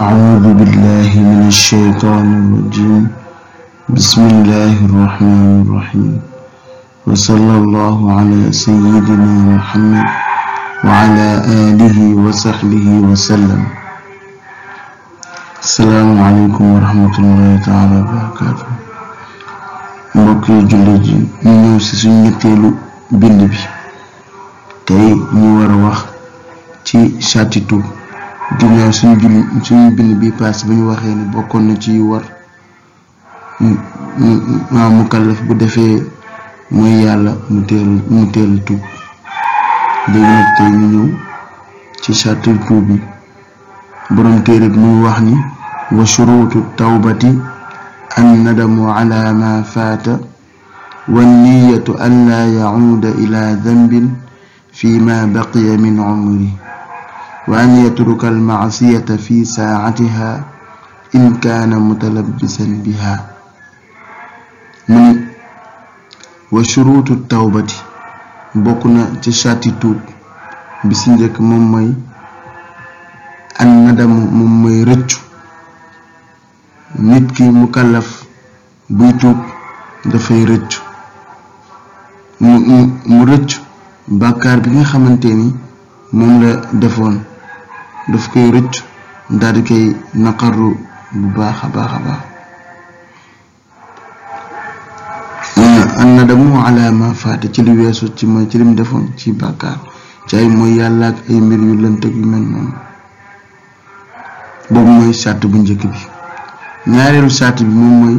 أعوذ بالله من الشيطان الرجيم بسم الله الرحمن الرحيم وصلى الله على سيدنا محمد وعلى آله وصحبه وسلم السلام عليكم ورحمة الله تعالى وبركاته mbokk yi jullit yi ñu ñëw ci suñu ñetteelu bind bi tey ñu war a wax ci château ginnaaw suñu julli suñu bind bi paas ba ñu waxee ne bokkoon na ci war ma mu kallaf bu defee mooy yàlla mu teel mu teel tuub léegi nag tey ñu ñëw ci sartal tuub bi boroom téere bi muy wax ni wa shuruutu tawbati an nadamu ala ma faata wa niyatu an laa yacuuda ila dambin fi ma baqiya min cumri وأن يترك المعصية في ساعتها إن كان متلبسا بها من وشروط التوبة bokk na ci chatti tuub bi si njëkk moom mooy an nadamu moom rëccu nit ki mu kàllaf buy tuub dafay rëccu mu mu rëccu bàkkaar bi nga xamante ni moom la defoon daf koy rëcc daal di koy naqarlu bu baax a baax a baax an nadamu ala ma faate ci li weesu ci mooy ci lim defoon ci bàkkaar ci ay mooy yàlla ak ay mbir yu lënt ak yu boobu mooy sàrt bu njëkk bi ñaareelu sàrt bi moom mooy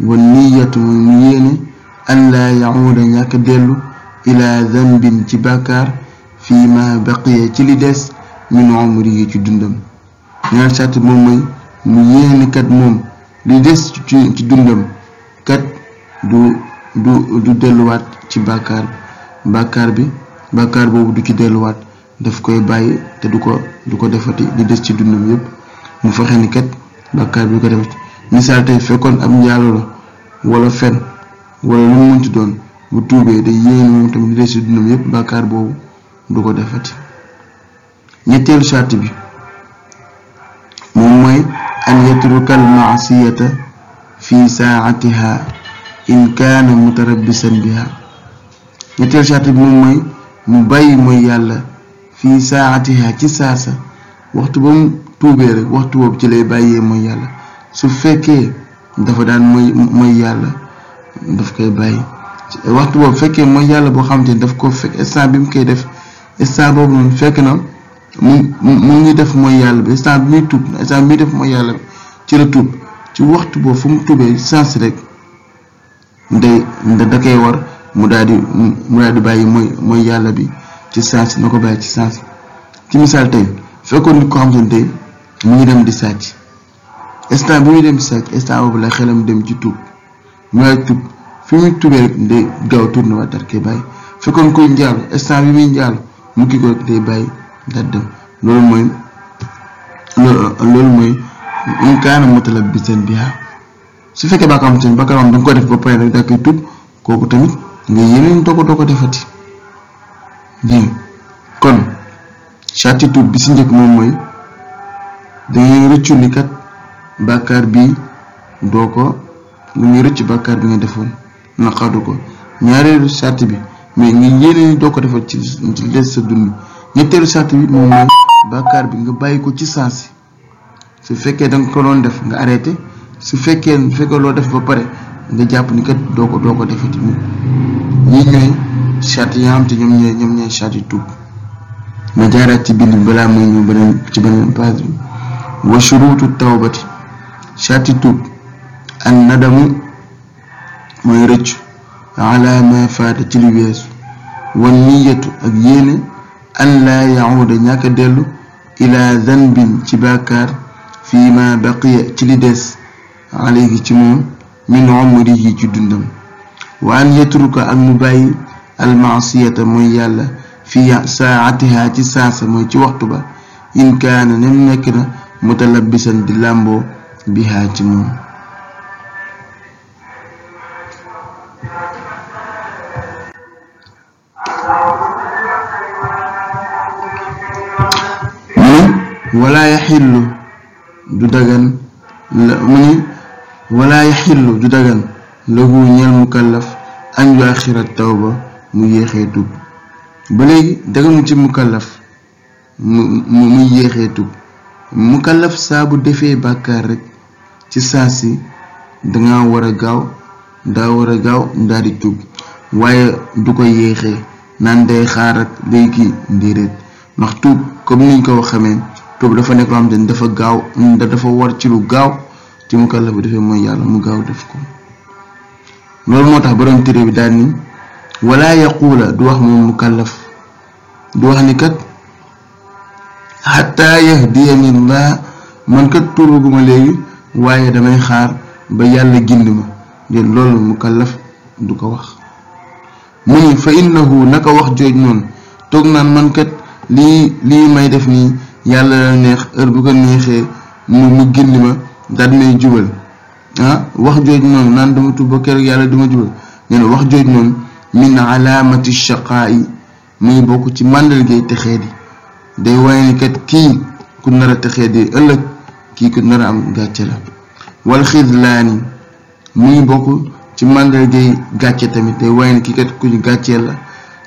wa niyatu mooy yéene an laa ñàkk dellu ila dambin ci bàkkaar fii ma baqiya ci li des min umri ci dundam ñaar sàtt moom mooy mu yéene ci dundam kat du delluwaat ci bàkkaar bàkkaar bi bàkkaar boobu du ci delluwaat daf koy bàyyi te du ko du ko defati li des ci dundam yépp mu fexe ni kat bi ko defati misaal tey fekkoon ab njaalo la wala fen wala lu mu mënti doon bu tuubee day yéene moom tamit li des ci dundam yépp bàkkaar boobu du ko defati ñetteelu charte bi moom mooy an yatrukal maasiyata fi saatiha in kaana bi biha ñetteelu charte bi moom mooy mu bàyyi mooy yàlla fi saatiha ci saasa waxtu ba mu tuubee rek waxtu boobu ci lay bàyyee mooy yàlla su fekkee dafa daan mooy mooy yàlla daf koy bàyyi waxtu boobu fekkee mooy yàlla boo xamante ne daf ko fekk instant bi mu koy def instant boobu noonu fekk na mu mu ngi def mooy yàlla bi instant bi muy tuub instant bi muy def mooy yàlla bi ci la tuub ci waxtu boobu fu mu tuubee sens rek day da koy war mu daal di mu daal di bàyyi mooy mooy yàlla bi ci sens na ko bàyyi ci sens ci misaal tey fekkoon nit ko xam ne tey mu ngi dem di sàcc instant bi muy dem di sàcc instant boobu la xelam dem ci tuub mu daal tuub fi muy tuubee rek day gaaw tourné waat daal koy bàyyi fekkoon koy njaalo instant bi muy njaalo mu kii ko rek day bàyyi. date loolu mooy loolu mooy um kaana mutalab bi seen biha su fekkee bàkkaar am seen bàkkaar am da nga ko def ba pare rek daa koy tuub kooku tamit nga yeneen doo doo ko defati bien kon sarti tuub bi si njëkk moom mooy dangay rëccu ni kat bàkkaar bi doo ko lu ngi rëcc bàkkaar bi nga defoon naqadu ko ñaareelu sarti bi mais ngi nga yeneen doo ko defat ci des sa dund ñetteelu charte bi moom mooy bàkkaar bi nga bàyyi ko ci saasi su fekkee da nga ko doon def nga arrêté su fekkee su fekkee loo def ba pare nga jàpp ni kat doo ko doo ko defati mu ñii ñooy charte yi nga xam te ñoom ñooy ci bind bi balaa muy ñëw beneen ci beneen page bi wa shuruutu tawbati charte tuub an mooy rëccu ala ma faata ci lu weesu wan niyatu ak yéene an laa yahuuda ñàkk a dellu ilaa zanbin ci bàkkaar fii ma baqiya ci li des alayhi ci moom min umrihi ci dundam wa an yatruka ak mu bàyyi almaasiyata mooy yàlla fi saatiha ci saasa mooy ci waxtu ba in kaana nem nekk na mutalabisan di làmboo bihaa ci moom walaa yaxillu du dagan mu ni walaa yaxillu du dagan lahu ñeel mukallaf an yu axira tawba mu yéexee tub ba léegi dagamu ci mukallaf mu muy yéexee tub mukallaf saa bu defee bàkkaar rekk ci saa si danga war a gaaw daa war a gaaw daal di tub waaye du ko yéexee naan day xaar ak day kii déedéet ndax tuub comme niñ ko xamee tuub dafa nekk loo dafa gaaw dafa ci lu gaaw ci mu kàlla bu mooy yàlla mu gaaw def moo tax borom téere bi daal ni wala yaquula mu kàllaf wax ni kat xataa yahdiyani laa man kat léegi waaye damay xaar ba yàlla gind loolu mu kàllaf du ko wax mu fa innahu naka wax jooj noonu toog naan man lii lii may def nii yàlla la neex heure bu ko neexee mu mu gindi ma daal may jubal ah wax jooj noonu naan dama tuub ba keroog yàlla dama jubal nee na wax jooj noonu min yi mu ngi bokk ci màndargay texee di day waaye kii ku nar di ëllëg kii ku nar a am gàcce la wal mu ngi bokk ci màndargay gàcce tamit day waaye kii kat ku ñu la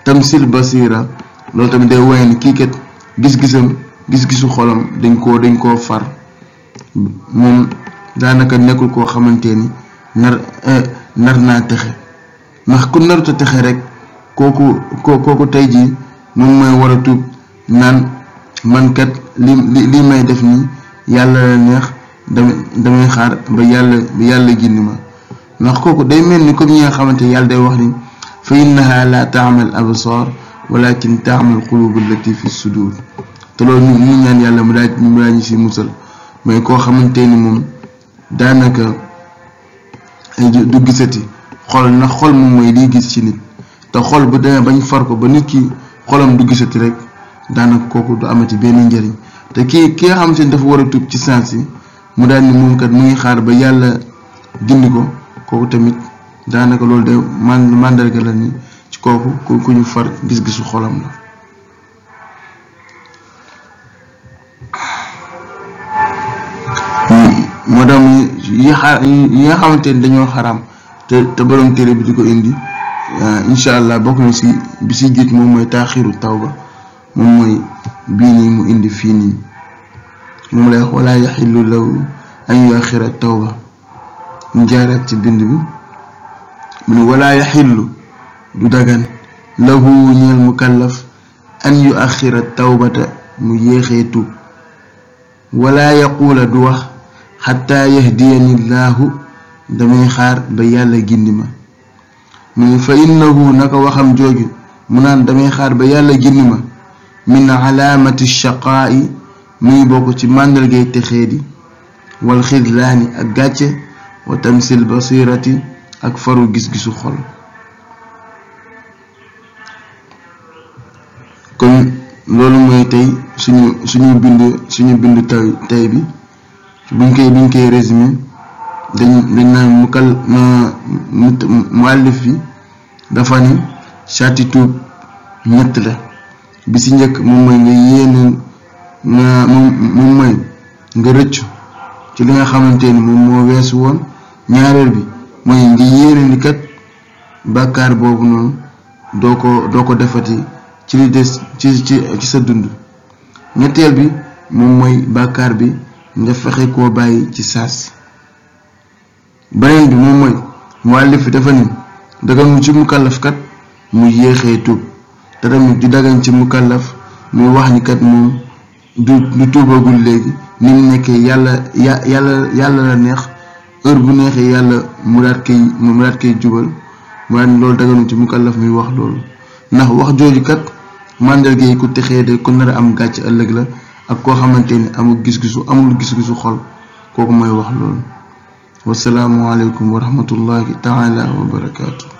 tamsil basira loolu tamit day waaye ni kii kat gis-gisam gis-gisu xolam dañ koo dañ koo far moom daanaka nekkul koo xamante ni nar eh, nar naa texe ndax ku naruta texe rek kooku kooku tey jii moom mooy war a tuub naan man kat li li may def nii yàlla la neex damay xaar ba yàlla ba yàlla gindi ma ndax kooku day mel ni comme ñi nga xamante yàlla day wax ni fa innaha la taamal absar walakin taamal qulubu allati fi sudur te loolu mu ñu ñaan yàlla mu daaj mu daaj ñu si musal mais koo xamante ni moom daanaka du gisati xol na xol moom mooy liy gis ci nit te xol bu demee bañ far ko ba nit ki xolam du gisati rek daanaka kooku du amati benn njëriñ te kii ki nga xamante ni dafa war a tuub ci sens yi mu daal ni moom kat mu ngi xaar ba yàlla gindi ko kooku tamit daanaka loolu de man mandarga la ni ci kooku ku ñu far gis-gisu xolam la. moo tax yi xa yi nga xamante ni dañoo xaraam te te borom téere bi di ko indi euh, incha allah bokk na si bi si jiit moom mooy taaxiru tawba moom mooy bii nii mu indi fii nii moom lay wala yaxillu law an yuaxira tawba ci bind bi mu ne wala yaxillu du dagan lahu ñeel mukallaf an yuaxira tawbata mu yéexee tuub wala yaquula du wax xataa yahdiyani laahu damay xaar ba yàlla gindi ma mu ne fa innahu naka waxam jooju mu naan damay xaar ba yàlla gindi ma min alaamati shaqaa'i muy bokk ci màndargay texeedi wal xidlaani ak gàcce wa tamsil basirati ak faru gis-gisu xol kon loolu mooy tey suñu suñu bind suñu tey bi buñ koy buñ koy résumé dañ dañ naan mu kal muallif bi dafa ni sarti tuub ñett la bi si njëkk moom mooy nga yéene nga moom mooy nga rëccu ci li nga xamante ni moom moo weesu woon ñaareel bi mooy nga yéene ni kat bàkkaar boobu noonu doo ko doo ko defati ci li des ci ci sa dund ñetteel bi moom mooy bàkkaar bi nga fexe koo bàyyi ci saasi beneen bi moom mooy muallif dafa ni daganu ci mukallaf kat mu tuub te tamit di dagan ci mukallaf muy wax ni kat moom du du tuubagul léegi ni mu nekkee yàlla yàlla yàlla neex heure bu neexee yàlla mu daat koy mu jubal mu loolu daganu ci mukallaf muy wax loolu ndax wax jooju kat màndarga yi ku texee de ku nar a am gàcc ëllëg la ak koo xamante ni amul gis-gisu amul gisu gisu xol kooku mooy wax loolu wasalaamualeykum wa rahmatullahi taala wa barakaatu.